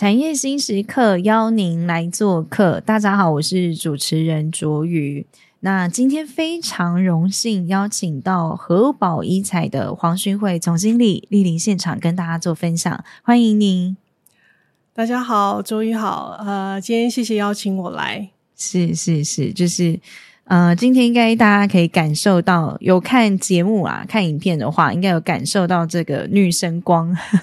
產業心時刻，邀您來做客，大家好，我是主持人卓宇。那今天非常榮幸邀請到禾寶醫材的黃薰慧總經理蒞臨現場，跟大家做分享，歡迎您。大家好，卓宇好，呃，今天謝謝邀請我來，是是是，就是呃，今天應該大家可以感受到，有看節目啊，看影片的話，應該有感受到這個女神光。呵呵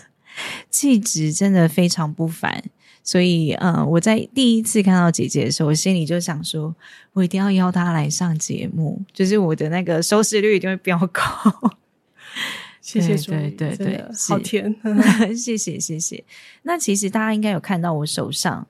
氣質真的非常不凡，所以呃、嗯，我在第一次看到姐姐的時候，我心裡就想說，我一定要邀她來上節目，就是我的那個收視率一定會飆高。謝謝，對對對，對 謝謝，好甜， 謝謝謝謝。那其實大家應該有看到我手上。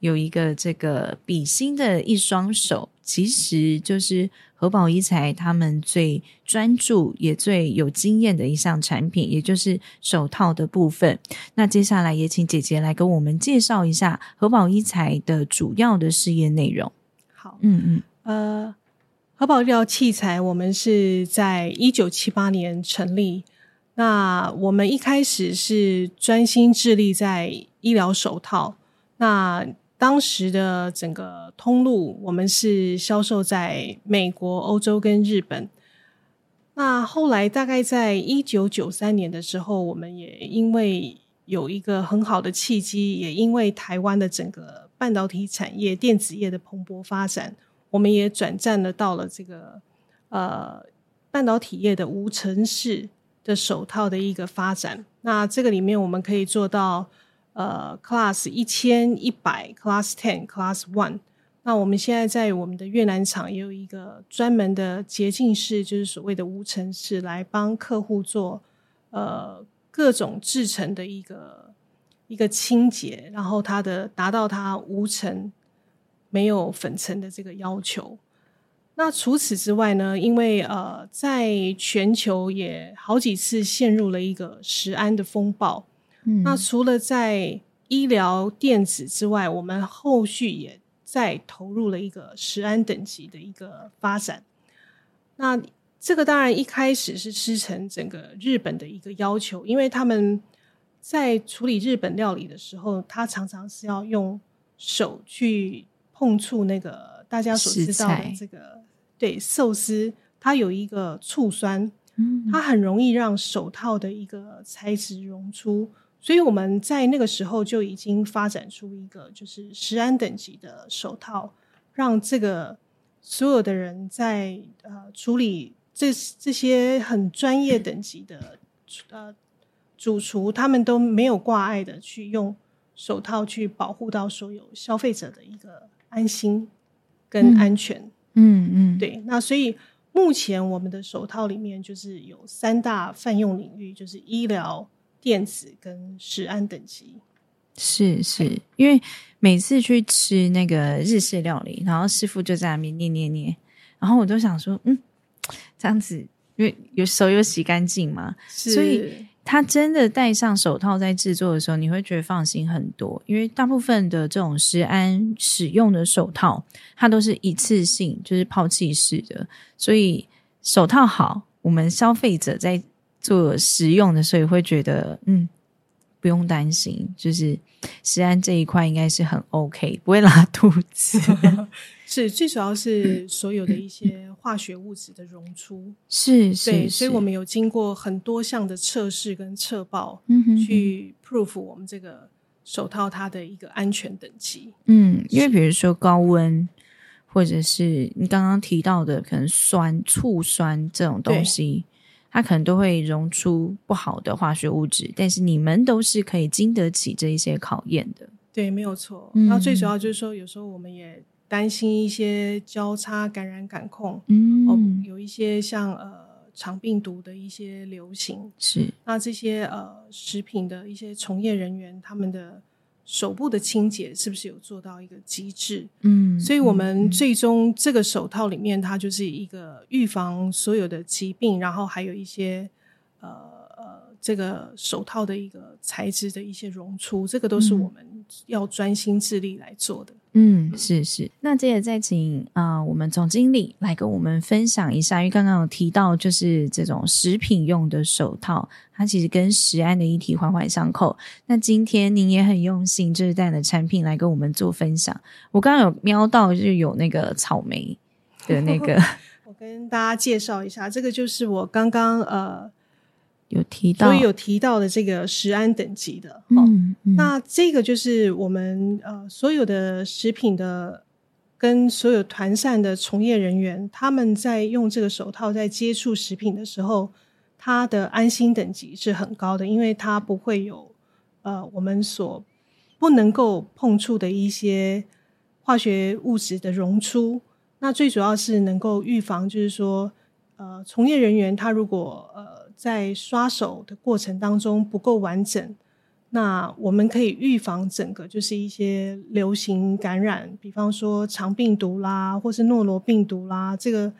有一個這個比心的一雙手，其實就是禾寶醫材他們最專注也最有經驗的一項產品，也就是手套的部分。那接下來也請姐姐來跟我們介紹一下禾寶醫材的主要的事業內容。好，嗯嗯，呃，禾寶醫療器材我們是在一九七八年成立，那我們一開始是專心致力在醫療手套，那，當時的整個通路，我們是銷售在美國、歐洲跟日本。那後來大概在一九九三年的時候，我們也因為有一個很好的契機，也因為台灣的整個半導體產業、電子業的蓬勃發展，我們也轉戰了到了這個呃半導體業的無塵室的手套的一個發展。那這個裡面我們可以做到。呃，Class 一千一百，Class Ten，Class One。那我們現在在我們的越南廠也有一個專門的潔淨室，就是所謂的無塵室，來幫客戶做呃各種製程的一個一個清潔，然後它的達到它無塵、沒有粉塵的這個要求。那除此之外呢，因為呃，在全球也好幾次陷入了一個食安的風暴。那除了在醫療電子之外，嗯，我們後續也在投入了一個食安等級的一個發展。那這個當然一開始是師承整個日本的一個要求，因為他們在處理日本料理的時候，他常常是要用手去碰觸那個大家所知道的這個，對，壽司，它有一個醋酸嗯嗯，它很容易讓手套的一個材質溶出，所以我們在那個時候就已經發展出一個就是食安等級的手套，讓這個所有的人在呃處理這這些很專業等級的呃主廚，他們都沒有掛礙的去用手套去保護到所有消費者的一個安心跟安全。嗯嗯，嗯，對。那所以目前我們的手套裡面就是有三大泛用領域，就是醫療。電子跟食安等級是、是，因為每次去吃那個日式料理，然後師傅就在那邊捏捏捏，然後我都想說，嗯，這樣子，因為有手有洗乾淨嘛，是，所以他真的戴上手套在製作的時候，你會覺得放心很多。因為大部分的這種食安使用的手套，它都是一次性，就是拋棄式的，所以手套好，我們消費者在做食用的，所以會覺得嗯不用擔心，就是食安這一塊應該是很 OK，不會拉肚子。 是最主要是所有的一些化學物質的溶出 是，是，對是是，所以我們有經過很多項的測試跟測報，嗯哼，去 proof 我們這個手套它的一個安全等級。嗯，因為比如說高溫，或者是你剛剛提到的可能酸、醋酸這種東西。它可能都會溶出不好的化學物質，但是你們都是可以經得起這一些考驗的。對，沒有錯。嗯。那最主要就是說，有時候我們也擔心一些交叉感染、感控，嗯，哦，有一些像呃腸病毒的一些流行，是。那這些呃食品的一些從業人員，他們的。手部的清潔是不是有做到一個極致？嗯，所以我們最終這個手套裡面，它就是一個預防所有的疾病，然後還有一些呃呃，這個手套的一個材質的一些溶出，這個都是我們要專心致力來做的。嗯嗯，是是，那這也再請啊、呃，我們總經理來跟我們分享一下，因為剛剛有提到就是這種食品用的手套，它其實跟食安的議題環環相扣。那今天您也很用心，就是帶了的產品來跟我們做分享。我剛剛有瞄到就是有那個草莓的那個， 我跟大家介紹一下，這個就是我剛剛呃。有提到，所以有提到的這個食安等級的，哈、嗯嗯，那這個就是我們呃所有的食品的跟所有團膳的從業人員，他們在用這個手套在接觸食品的時候，他的安心等級是很高的，因為他不會有呃我們所不能夠碰觸的一些化學物質的溶出。那最主要是能夠預防，就是說呃從業人員他如果呃。在刷手的過程當中不夠完整，那我們可以預防整個就是一些流行感染，比方說腸病毒啦，或是諾羅病毒啦。這個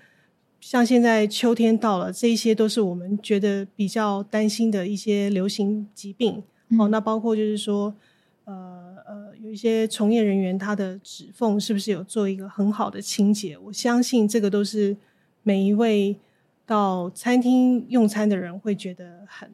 像現在秋天到了，這一些都是我們覺得比較擔心的一些流行疾病。嗯。哦，那包括就是說，呃呃，有一些從業人員他的指縫是不是有做一個很好的清潔？我相信這個都是每一位。到餐廳用餐的人會覺得很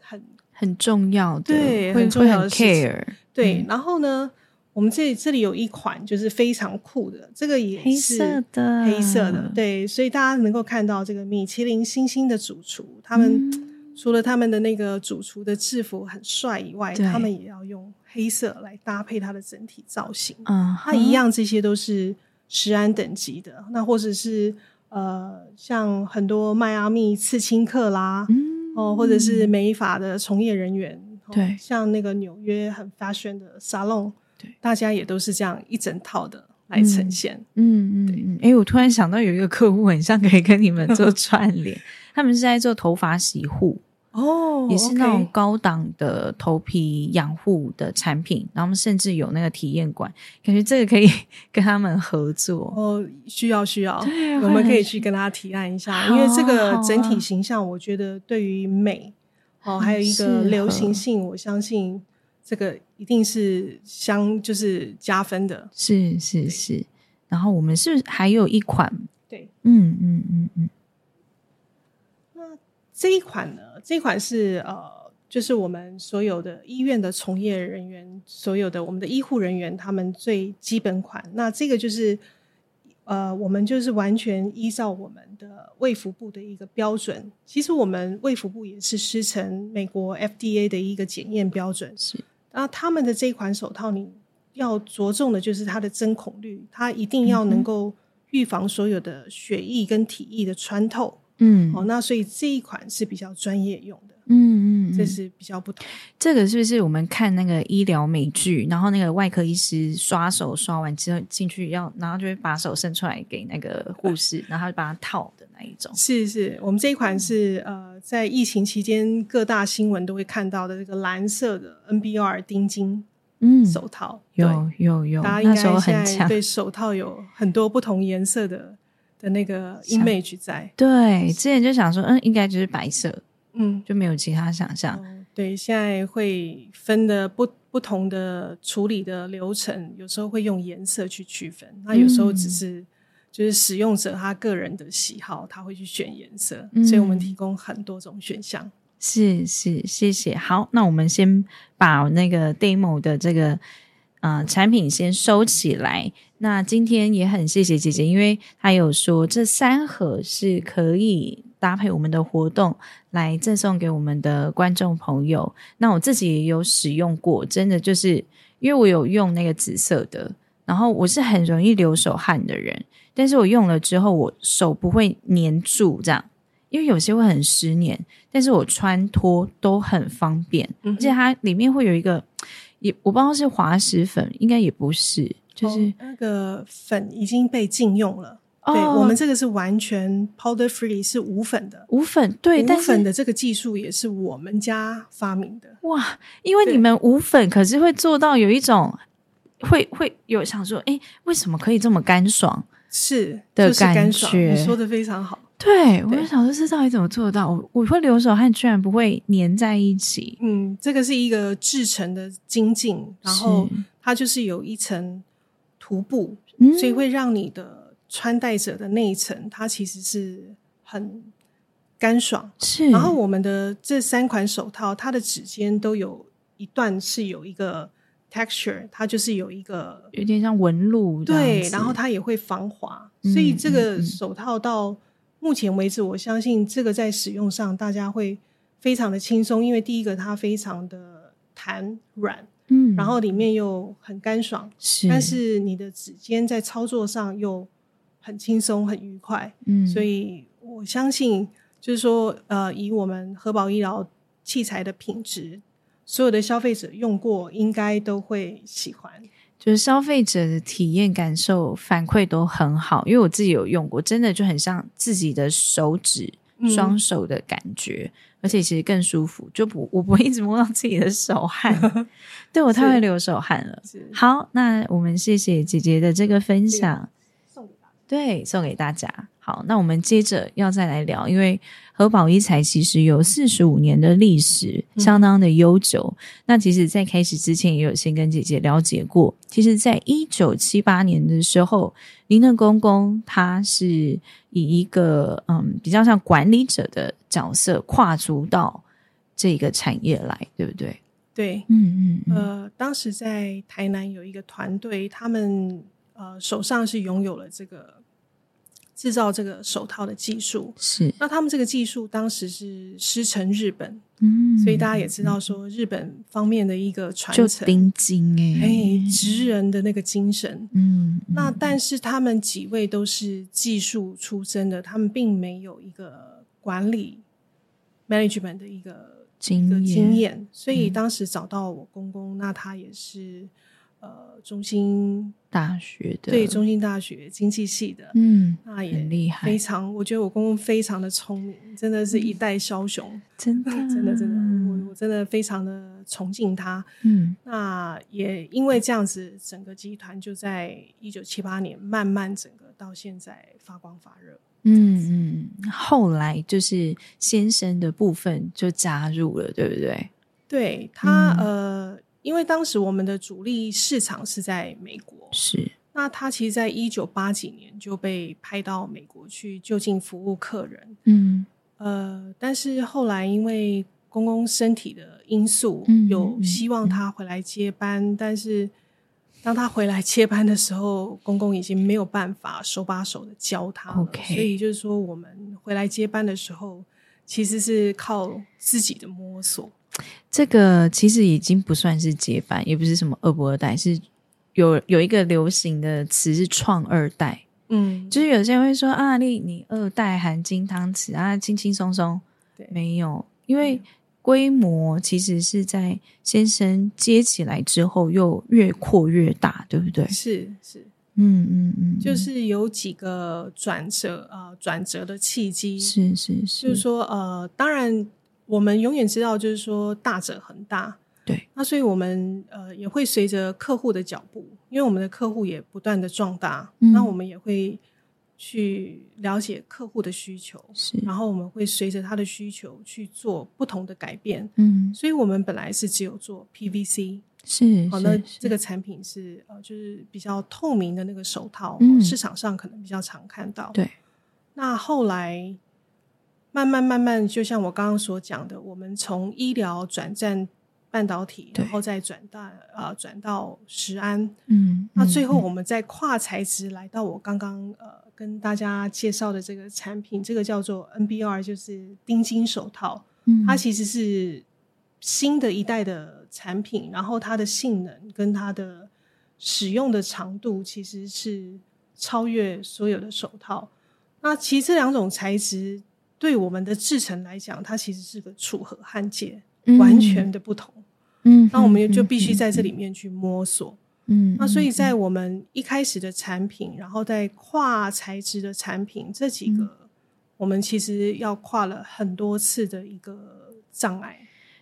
很很重要，的對很重要的，對重要的 care，對、嗯。然後呢，我們這裡這裡有一款就是非常酷的，這個也是黑色的，黑色的，對。所以大家能夠看到這個米其林星星的主廚、嗯，他們除了他們的那個主廚的制服很帥以外，他們也要用黑色來搭配它的整體造型啊。它、嗯、一樣，這些都是食安等級的，那或者是。呃，像很多邁阿密刺青客啦、嗯，哦，或者是美髮的從業人員、嗯哦，對，像那個紐約很 fashion 的沙龍，對，大家也都是這樣一整套的來呈現，嗯嗯，對、嗯欸。我突然想到有一個客戶很像可以跟你們做串聯， 他們是在做頭髮洗護。哦、oh, okay. 也是那種高檔的頭皮養護的產品，oh, okay. 然後甚至有那個體驗館，感覺這個可以跟他們合作。哦、oh，需要需要，我們可以去跟他提案一下，oh, 因為這個整體形象，我覺得對於美，哦、oh. oh. 還有一個流行性，我相信這個一定是相就是加分的。是是是，然後我們是，是還有一款，對，嗯嗯嗯嗯。嗯嗯這一款呢，這款是呃，就是我們所有的醫院的從業人員，所有的我們的醫護人員，他們最基本款。那這個就是呃，我們就是完全依照我們的衛福部的一個標準。其實我們衛福部也是師承美國 FDA 的一個檢驗標準。是，那他們的這款手套，你要着重的就是它的針孔率，它一定要能夠預防所有的血液跟體液的穿透。嗯，哦，那所以這一款是比較專業用的，嗯，嗯嗯，這是比較不同。這個是不是我們看那個醫療美劇，然後那個外科醫師刷手刷完之後進去要，然後就會把手伸出來給那個護士、嗯，然後就把它套的那一種？是是，我們這一款是呃，在疫情期間各大新聞都會看到的這個藍色的 NBR 丁腈，嗯，手套嗯，有有有，大家應該現在對手套有很多不同顏色的。的那個 image 在，對，之前就想說，嗯，應該就是白色，嗯，就沒有其他想象、嗯。對，現在會分的不不同的處理的流程，有時候會用顏色去區分，那有時候只是、嗯、就是使用者他個人的喜好，他會去選顏色，嗯、所以我們提供很多種選項。嗯、是是，謝謝。好，那我們先把那個 demo 的這個。啊、呃，產品先收起來。那今天也很謝謝姐姐，因為她有說這三盒是可以搭配我們的活動來贈送給我們的觀眾朋友。那我自己也有使用過，真的就是因為我有用那個紫色的，然後我是很容易流手汗的人，但是我用了之後，我手不會黏住這樣，因為有些會很濕黏。但是我穿脫都很方便、嗯，而且它裡面會有一個。也，我不知道是滑石粉，應該也不是，就是、哦、那個粉已經被禁用了、哦。對，我們這個是完全 powder free，是無粉的，無粉，對，但是無粉的這個技術也是我們家發明的哇！因為你們無粉可是會做到有一種，會會有想說，哎、欸，為什麼可以這麼乾爽，就是爽？是的，感覺你說的非常好。對，我就想說，這到底怎麼做到？我，我會，流手汗居然不會粘在一起。嗯，這個是一個製程的精進，然後它就是有一層塗布，所以會讓你的穿戴者的那一層它其實是很乾爽。是，然後我們的這三款手套，它的指尖都有一段是有一個 texture，它就是有一個有點像紋路，對，然後它也會防滑，所以這個手套到目前為止，我相信這個在使用上大家會非常的輕鬆，因為第一個它非常的彈軟，嗯，然後裡面又很乾爽，是，但是你的指尖在操作上又很輕鬆很愉快，嗯，所以我相信就是說，呃，以我們禾寶醫療器材的品質，所有的消費者用過應該都會喜歡。就是消費者的體驗感受反饋都很好，因為我自己有用過，真的就很像自己的手指、雙、嗯、手的感覺，而且其實更舒服，就不，我不會一直摸到自己的手汗， 對，我太會流手汗了。好，那我們謝謝姐姐的這個分享，對，送給大家，對，送給大家。好，那我們接着要再來聊，因為禾寶醫材其實有四十五年的歷史，嗯，相當的悠久。那其實，在開始之前，也有先跟姐姐了解過。其實，在一九七八年的時候，林正公公他是以一個嗯比較像管理者的角色跨足到這個產業來，對不對？對，嗯，嗯嗯，呃，當時在台南有一個團隊，他們呃手上是擁有了這個。製造這個手套的技術是，那他們這個技術當時是師承日本、嗯，所以大家也知道說日本方面的一個傳承，頂真哎，哎、欸，職人的那個精神嗯，嗯，那但是他們幾位都是技術出身的，他們並沒有一個管理，management 的一個經驗，所以當時找到我公公，嗯、那他也是呃，中心大學的對，中心大學經濟系的，嗯，那也厲害，非常。我覺得我公公非常的聰明，真的是一代梟雄，嗯，真的，啊，真的，真的，我我真的非常的崇敬他。嗯，那也因為這樣子，整個集團就在一九七八年慢慢整個到現在發光發熱。嗯嗯，後來就是先生的部分就加入了，對不對？對他，嗯，呃。因為當時我們的主力市場是在美國，是那他其實，在一九八幾年就被派到美國去就近服務客人，嗯呃，但是後來因為公公身體的因素，嗯、有希望他回來接班、嗯，但是當他回來接班的時候，公公已經沒有辦法手把手的教他，OK. 所以就是說，我們回來接班的時候，其實是靠自己的摸索。這個其實已經不算是接班，也不是什麼二不二代，是有有一個流行的詞是“創二代”。嗯，就是有些人會說：“啊，麗，你二代含金湯匙啊，輕輕鬆鬆。”對，沒有，因為規模其實是在先生接起來之後又越擴越大，對不對？是是，嗯嗯嗯，就是有幾個轉折啊，呃，轉折的契機是是，是，就是說呃，當然。我們永遠知道，就是說大者恆大，對。那所以我們呃也會隨着客戶的腳步，因為我們的客戶也不斷的壯大、嗯，那我們也會去了解客戶的需求，是。然後我們會隨着他的需求去做不同的改變，嗯。所以我們本來是只有做 PVC，是，是，是，是。好、哦、的，那這個產品是呃，就是比較透明的那個手套、嗯哦，市場上可能比較常看到。對。那後來。慢慢慢慢，就像我剛剛所講的，我們從醫療轉戰半導體，然後再轉到啊轉、呃、到食安，嗯，那最後我們再跨材質來到我剛剛、嗯嗯、呃跟大家介紹的這個產品，這個叫做 NBR，就是丁腈手套，嗯，它其實是新的一代的產品，然後它的性能跟它的使用的長度其實是超越所有的手套。那其實這兩種材質，對我們的製程來講，它其實是個楚河漢界、嗯，完全的不同。嗯，那我們就必須在這裡面去摸索。嗯，那所以在我們一開始的產品，然後在跨材質的產品這幾個、嗯，我們其實要跨了很多次的一個障礙。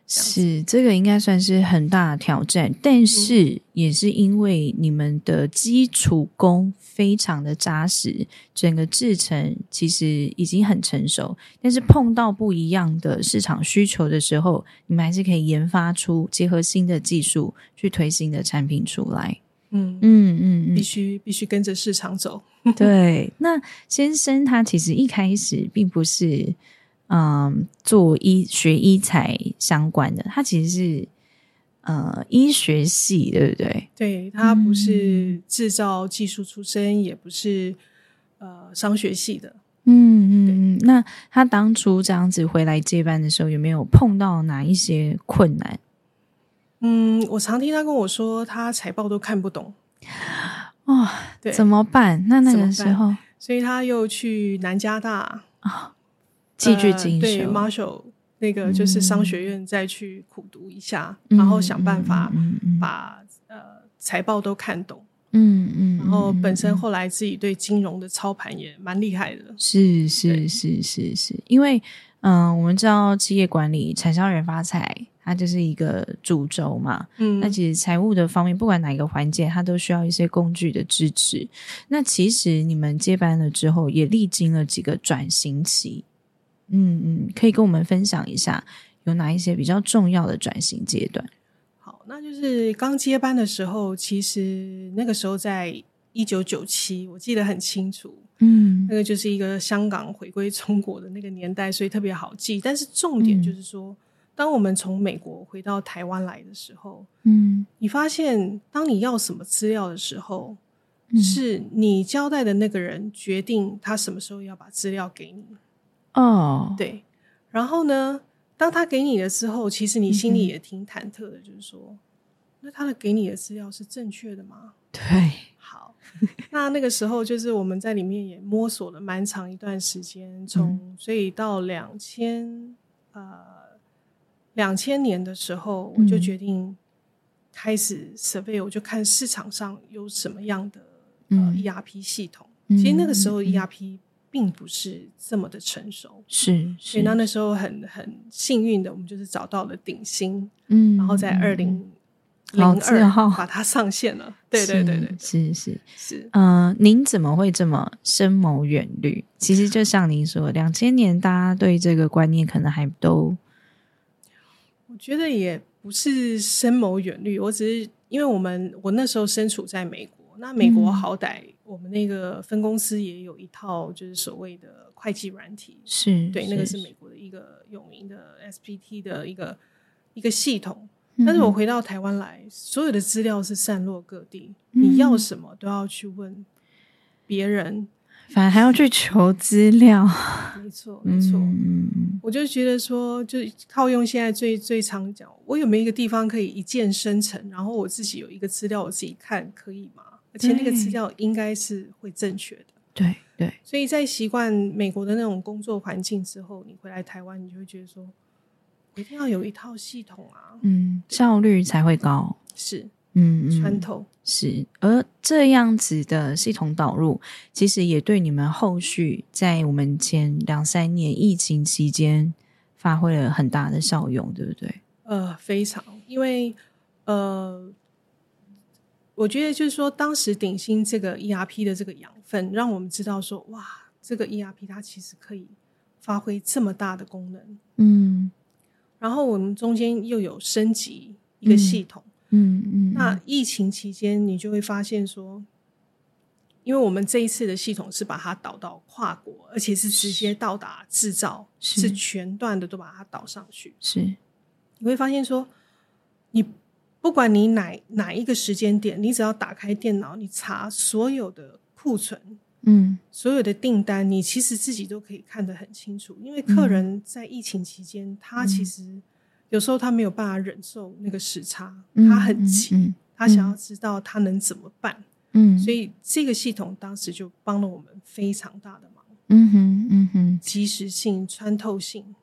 是，這個應該算是很大的挑戰，但是也是因為你們的基礎功非常的扎實，整個製程其實已經很成熟，但是碰到不一樣的市場需求的時候，你們還是可以研發出結合新的技術去推新的產品出來。嗯嗯，嗯嗯，必須必須跟着市場走。 對，那先生他其實一開始並不是。嗯，做醫學醫材相關的，他其實是呃醫學系，對不對？對，他不是制造技術出身，嗯，也不是呃商學系的。嗯嗯嗯。那他當初這樣子回來接班的時候，有沒有碰到哪一些困難？嗯，我常聽他跟我說，他財報都看不懂。哇，哦，對，怎麼辦？那那個時候，所以他又去南加大啊。哦繼續經、呃、對 Marshall 那個就是商學院再去苦讀一下，嗯、然後想辦法把、嗯嗯、呃財報都看懂，嗯嗯，然後本身後來自己對金融的操盤也蠻厲害的，是是是是是，是，因為嗯、呃，我們知道企業管理、產銷人發財，它就是一個主軸嘛，嗯，那其實財務的方面，不管哪一個環節，它都需要一些工具的支持。那其實你們接班了之後，也歷經了幾個轉型期。嗯嗯，可以跟我們分享一下有哪一些比較重要的轉型階段？好，那就是剛接班的時候，其實那個時候在一九九七，我記得很清楚。嗯，那個就是一個香港回歸中國的那個年代，所以特別好記。但是重點就是說，嗯、當我們從美國回到台灣來的時候，嗯，你發現當你要什麼資料的時候、嗯，是你交代的那個人決定他什麼時候要把資料給你。哦、oh.，對，然後呢？當他給你的時候，其實你心裡也挺忐忑的，就是說，mm -hmm. 那他的給你的資料是正確的嗎？對，好， 那那個時候就是我們在裡面也摸索了蠻長一段時間，從所以到兩千、mm -hmm. 呃兩千年的時候，mm -hmm. 我就決定開始 survey，我就看市場上有什麼樣的呃、mm -hmm. ERP 系統。其實那個時候 ERP、mm -hmm. 呃。並不是這麼的成熟，是，所以那那時候很很幸運的，我們就是找到了鼎新，嗯，然後在二零零二號把它上線了，對對對對，對，是是是，嗯、呃，您怎麼會這麼深謀遠慮？其實就像您說，兩千年大家對這個觀念可能還都，我覺得也不是深謀遠慮，我只是因為我們我那時候身處在美國，那美國好歹、嗯。我們那個分公司也有一套，就是所謂的會計軟體，是，對，是那個是美國的一個有名的 SPT 的一個一個系統。但是我回到台灣來，嗯，所有的資料是散落各地，嗯，你要什麼都要去問別人，反而還要去求資料。沒錯，沒錯。嗯，我就覺得說，就靠套用現在最最常講，我有沒有一個地方可以一鍵生成，然後我自己有一個資料，我自己看可以嗎？而且那個資料應該是會正確的，對對。所以在習慣美國的那種工作環境之後，你回來台灣，你就會覺得說，我一定要有一套系統啊，嗯，效率才會高，是，嗯，嗯，穿透是。而這樣子的系統導入，其實也對你們後續在我們前兩三年疫情期間發揮了很大的效用，嗯，對不對？呃，非常，因為呃。我覺得就是說，當時鼎新這個 ERP 的這個養分，讓我們知道說，哇，這個 ERP 它其實可以發揮這麼大的功能。嗯，然後我們中間又有升級一個系統。嗯嗯。那疫情期間，你就會發現說，因為我們這一次的系統是把它導到跨國，而且是直接到達製造是，是全段的都把它導上去。是，你會發現說。不管你哪哪一個時間點，你只要打開電腦，你查所有的庫存，嗯，所有的訂單，你其實自己都可以看得很清楚。因為客人在疫情期間，嗯，他其實有時候他沒有辦法忍受那個時差，嗯，他很急，嗯嗯嗯，他想要知道他能怎麼辦。嗯，所以這個系統當時就幫了我們非常大的忙。嗯哼，嗯哼，即時性、穿透性。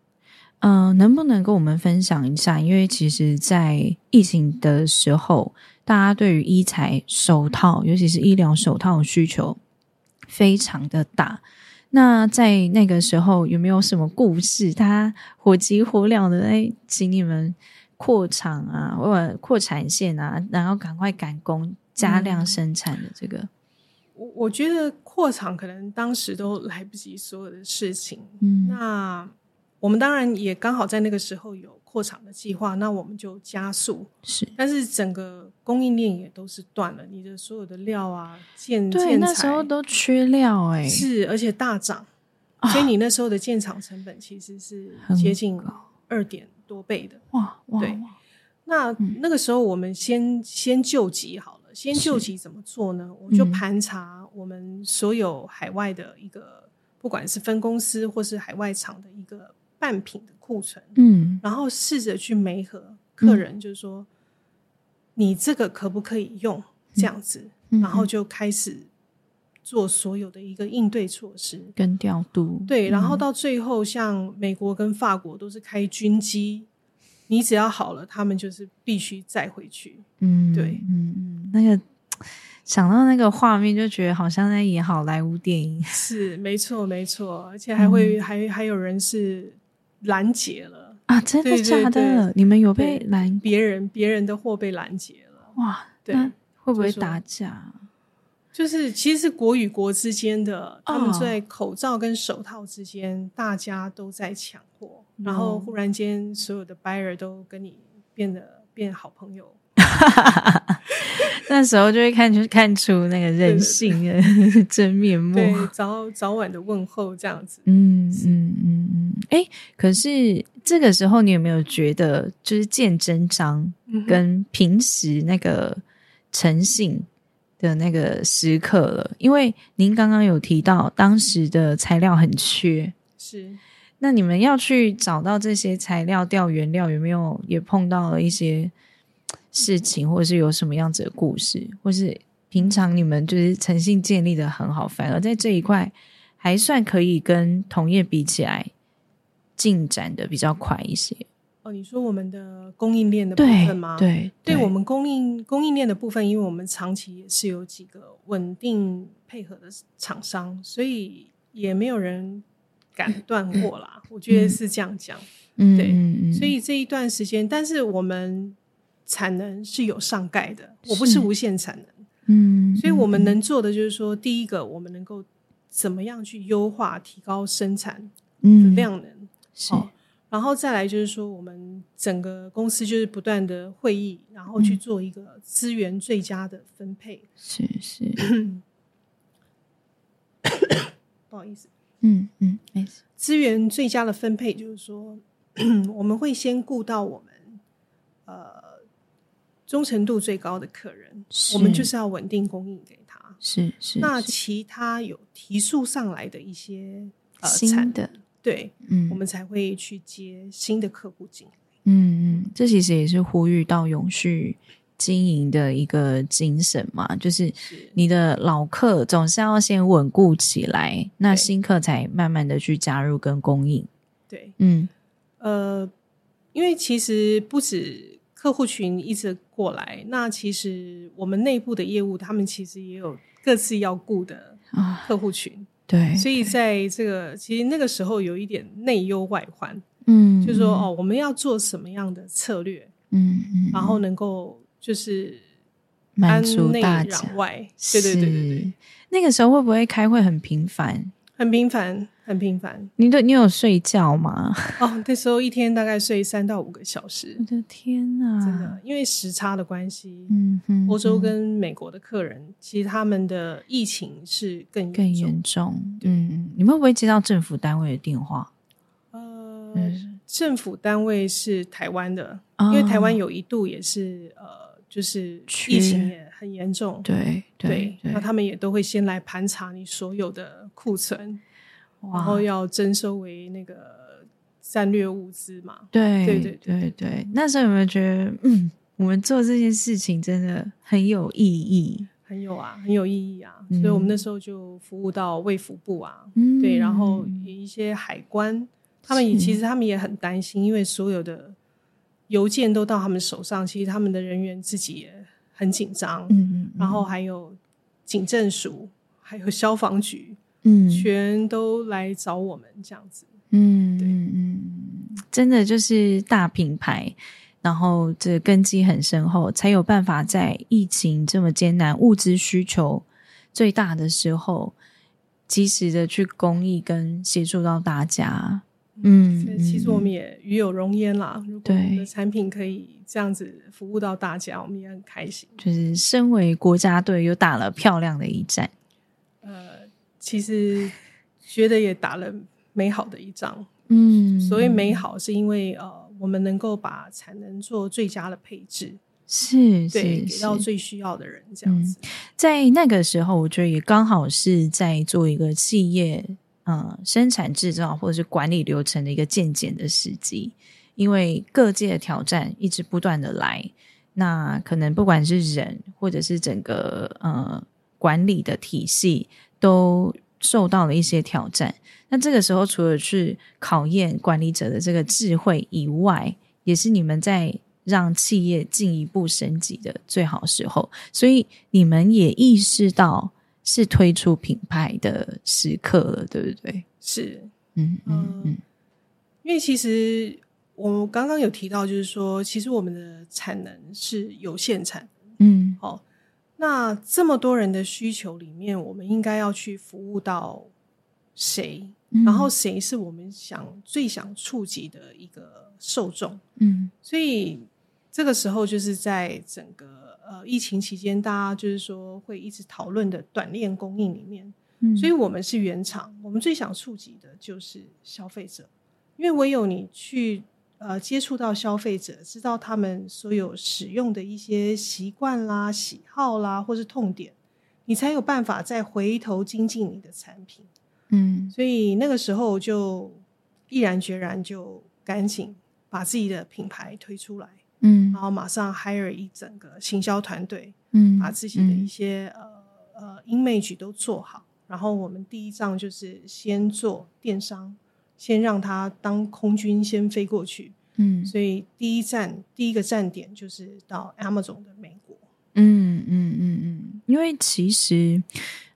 嗯、呃，能不能跟我們分享一下？因為其實，在疫情的時候，大家對於醫材、手套，尤其是醫療手套的需求非常的大。那在那個時候，有沒有什麼故事？他火急火燎的來、欸、請你們擴廠啊，或擴產線啊，然後趕快趕工、嗯、加量生產的這個？我我覺得擴廠可能當時都來不及所有的事情。嗯，那。我們當然也剛好在那個時候有擴廠的計劃，那我們就加速。是，但是整個供應鏈也都是斷了，你的所有的料啊、建建材時候，都缺料哎、欸。是，而且大漲，所、啊、以你那時候的建廠成本其實是接近二點多倍的。啊、對哇，哇對、嗯！那那個時候我們先先救急好了，先救急怎麼做呢？我就盤查我們所有海外的一個，嗯、不管是分公司或是海外廠的一個。半品的庫存，嗯，然後試着去媒合客人就，就是說你這個可不可以用這樣子。嗯，然後就開始做所有的一個應對措施跟調度，對，然後到最後，像美國跟法國都是開軍機、嗯，你只要好了，他們就是必須再回去，嗯，對，嗯嗯，那個想到那個畫面就覺得好像在演好萊塢電影，是沒錯沒錯，而且還會、嗯、還還有人是。攔截了啊！真的假的？對對對，你們有被攔？嗯、別人別人的貨被攔截了哇！對。會不會打架？就、就是其實是國與國之間的，他們在口罩跟手套之間，Oh. 大家都在搶貨，然後忽然間所有的 buyer 都跟你變得變好朋友。哈哈哈那時候就會看， 看出那個人性的真面目。對對，早早晚的問候這樣子，嗯嗯嗯嗯。哎、嗯，欸，可是這個時候，你有沒有覺得就是見真章，跟平時那個誠信的那個時刻了？因為您剛剛有提到當時的材料很缺，是那你們要去找到這些材料、調原料，有沒有也碰到了一些？事情，或是有什麼樣子的故事，或是平常你們就是誠信建立的很好，反而在這一塊還算可以跟同業比起來進展的比較快一些。哦，你說我們的供應鏈的部分嗎？對，對，對，對，我們供應供應鏈的部分，因為我們長期也是有幾個穩定配合的廠商，所以也沒有人敢斷過啦。 我覺得是這樣講，嗯，對，所以這一段時間，但是我們。產能是有上蓋的，我不是無限產能。嗯，所以我們能做的就是說，嗯、第一個，我們能夠怎麼樣去優化、提高生產嗯，量能？好、嗯哦，然後再來就是說，我們整個公司就是不斷的會議，然後去做一個資源最佳的分配。嗯、 是是 ，不好意思，嗯嗯，沒事。資源最佳的分配就是說， 我們會先顧到我們，呃。忠誠度最高的客人，我們就是要穩定供應給他。是是，是，那其他有提速上來的一些呃新的產，對，嗯，我們才會去接新的客戶進來。嗯嗯，這其實也是呼籲到永續經營的一個精神嘛，就是你的老客總是要先穩固起來，那新客才慢慢的去加入跟供應。對，嗯，呃，因為其實不止。客戶群一直過來，那其實我們內部的業務，他們其實也有各自要顧的客戶群。啊，對。對，所以在這個其實那個時候，有一點內憂外患。嗯，就是，說哦，我們要做什麼樣的策略？嗯，嗯，然後能夠就是安內攘外。對對對對對。那個時候會不會開會很頻繁？很頻繁。很頻繁，你都你有睡覺嗎？哦，那時候一天大概睡三到五個小時。我的天哪、啊，真的，因為時差的關係，嗯、嗯、歐洲跟美國的客人其實他們的疫情是更更嚴重。嗯，你們會不會接到政府單位的電話？呃，嗯、政府單位是台灣的、哦，因為台灣有一度也是呃，就是疫情也很嚴重。對對，那他們也都會先來盤查你所有的庫存。然後要徵收為那個戰略物資嘛？對對對對，對對對。那時候有沒有覺得，嗯，我們做這件事情真的很有意義？很有啊，很有意義啊。嗯、所以我們那時候就服務到衛福部啊，嗯、對，然後有一些海關，嗯、他們也其實他們也很擔心，因為所有的郵件都到他們手上，其實他們的人員自己也很緊張。嗯嗯。然後還有警政署，還有消防局。嗯，全都來找我們這樣子。嗯嗯嗯，真的就是大品牌，然後這根基很深厚，才有辦法在疫情這麼艱難、物資需求最大的時候，及時的去公益跟協助到大家。嗯，嗯其實我們也與有榮焉啦。對，如果我們的產品可以這樣子服務到大家，我們也很開心。就是身為國家隊，又打了漂亮的一戰。呃。其實覺得也打了美好的一仗，嗯，所謂美好是因為呃，我們能夠把產能做最佳的配置，是是對，給到最需要的人，這樣子，嗯。在那個時候，我覺得也剛好是在做一個企業、呃、生產製造或者是管理流程的一個健檢的時機，因為各界的挑戰一直不斷的來，那可能不管是人或者是整個、呃、管理的體系。都受到了一些挑戰，那這個時候除了去考驗管理者的這個智慧以外，也是你們在讓企業進一步升級的最好時候。所以你們也意識到是推出品牌的時刻了，對不對？是，嗯、呃、嗯，因為其實我剛剛有提到，就是說，其實我們的產能是有限產，嗯，好。那這麼多人的需求裡面，我們應該要去服務到誰、嗯？然後誰是我們想最想觸及的一個受眾？嗯，所以這個時候就是在整個呃疫情期間，大家就是說會一直討論的短鏈供應裡面、嗯，所以我們是原廠，我們最想觸及的就是消費者，因為唯有你去。呃，接觸到消費者，知道他們所有使用的一些習慣啦、喜好啦，或是痛點，你才有辦法再回頭精進你的產品。嗯，所以那個時候就毅然決然就趕緊把自己的品牌推出來。嗯，然後馬上 hire 一整個行銷團隊。嗯，把自己的一些、嗯、呃呃 image 都做好。然後我們第一仗就是先做電商。先讓他當空軍，先飛過去。嗯，所以第一站，第一個站點就是到 Amazon 的美國。嗯嗯嗯嗯，因為其實，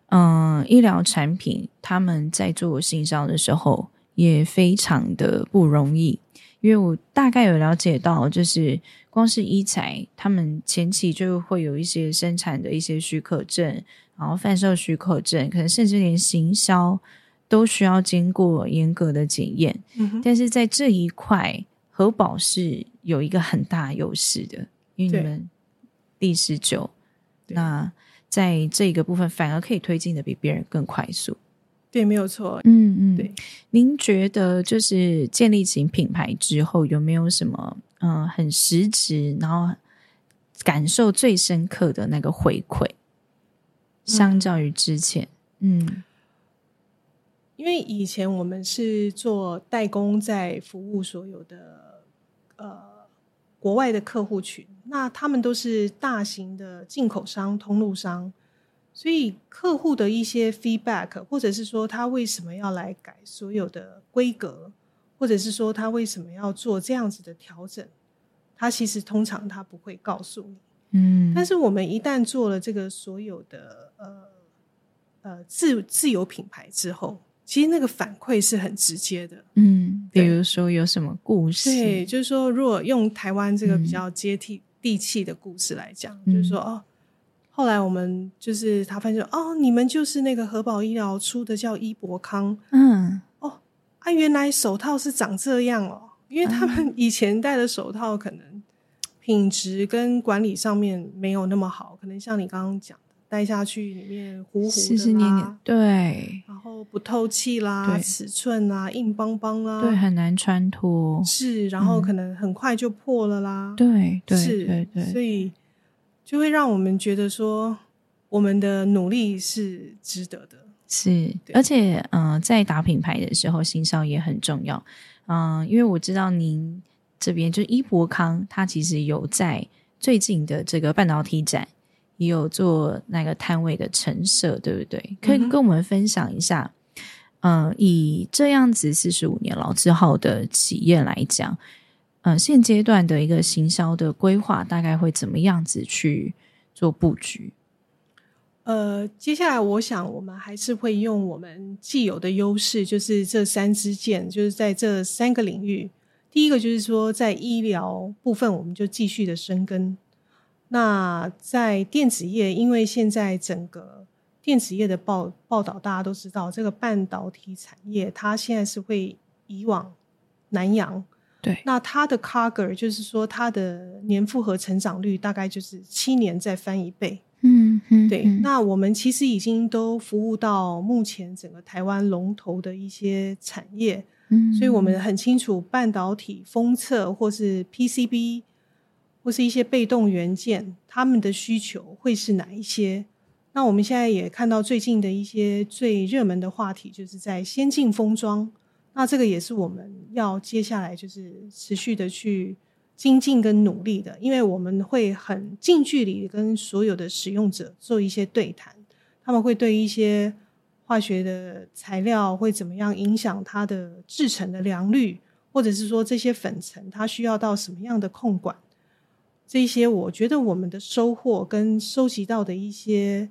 嗯、呃，醫療產品他們在做行銷的時候也非常的不容易。因為我大概有了解到，就是光是醫材，他們前期就會有一些生產的一些許可證，然後販售許可證，可能甚至連行銷。都需要經過嚴格的檢驗，嗯，但是在這一塊禾寶是有一個很大優勢的，因為你們歷史久，那在這一個部分反而可以推進的比別人更快速。對，沒有錯。嗯嗯，對。您覺得就是建立起品牌之後，有沒有什麼嗯、呃、很實質，然後感受最深刻的那個回饋，相較於之前？嗯。嗯因為以前我們是做代工，在服務所有的呃國外的客戶群，那他們都是大型的進口商、通路商，所以客戶的一些 feedback，或者是說他為什麼要來改所有的規格，或者是說他為什麼要做這樣子的調整，他其實通常他不會告訴你，嗯，但是我們一旦做了這個所有的呃呃自自有品牌之後。其實那個反饋是很直接的，嗯，比如說有什麼故事？對，就是說，如果用台灣這個比較接地地氣的故事來講，嗯，就是說，哦，後來我們就是他發現，哦，你們就是那個禾寶醫療出的叫依博康，嗯，哦，啊，原來手套是長這樣哦，因為他們以前戴的手套可能品質跟管理上面沒有那麼好，可能像你剛剛講。戴下去裡面糊糊的啦年年，對，然後不透氣啦對，尺寸啊，硬邦邦啊，對，很難穿脫。是，然後可能很快就破了啦，嗯、對，對對，對，對，所以就會讓我們覺得說，我們的努力是值得的。是，對，而且，嗯、呃，在打品牌的時候，行銷也很重要。嗯、呃，因為我知道您這邊就是伊博康，它其實有在最近的這個半導體展。也有做那個攤位的陳設，對不對？可以跟我們分享一下。嗯、呃，以這樣子四十五年老字號的企業來講，嗯、呃，現階段的一個行銷的規劃大概會怎麼樣子去做佈局？呃，接下來我想我們還是會用我們既有的優勢，就是這三支箭，就是在這三個領域。第一個就是說，在醫療部分，我們就繼續的深耕。那在電子業，因為現在整個電子業的報報道，大家都知道，這個半導體產業它現在是會移往南洋，對，那它的 CAGR 就是說它的年複合成長率大概就是七年再翻一倍，嗯，嗯對嗯。那我們其實已經都服務到目前整個台灣龍頭的一些產業，嗯，所以我們很清楚半導體封測或是 PCB。就是一些被動元件，他們的需求會是哪一些？那我們現在也看到最近的一些最熱門的話題，就是在先進封裝。那這個也是我們要接下來就是持續的去精進跟努力的，因為我們會很近距離跟所有的使用者做一些對談。他們會對一些化學的材料會怎麼樣影響它的製程的良率，或者是說這些粉塵它需要到什麼樣的控管？這些我覺得我們的收穫跟收集到的一些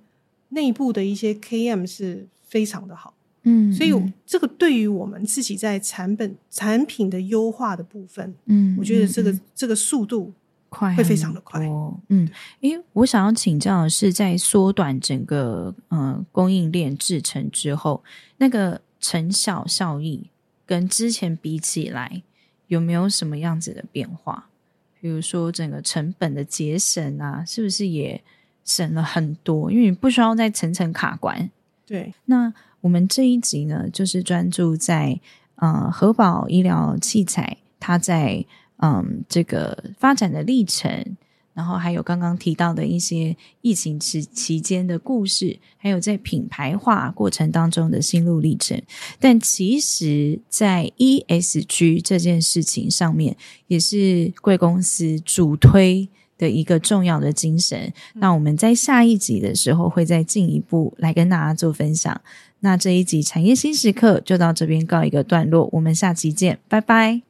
內部的一些 KM 是非常的好，嗯，嗯，所以這個對於我們自己在產品產品的優化的部分，嗯，嗯，嗯，我覺得這個這個速度快會非常的快，快嗯，誒、欸，我想要請教的是，在縮短整個嗯、呃、供應鏈製程之後，那個成效效益跟之前比起來有沒有什麼樣子的變化？比如說，整個成本的節省啊，是不是也省了很多？因為你不需要再層層卡關。對，那我們這一集呢，就是專注在呃，禾寶醫療器材，它在嗯、呃、這個發展的歷程。然後還有剛剛提到的一些疫情期期間的故事，還有在品牌化過程當中的心路歷程。但其實，在 ESG 這件事情上面，也是貴公司主推的一個重要的精神。嗯。那我們在下一集的時候會再進一步來跟大家做分享。那這一集產業心時刻就到這邊告一個段落，我們下期見，拜拜。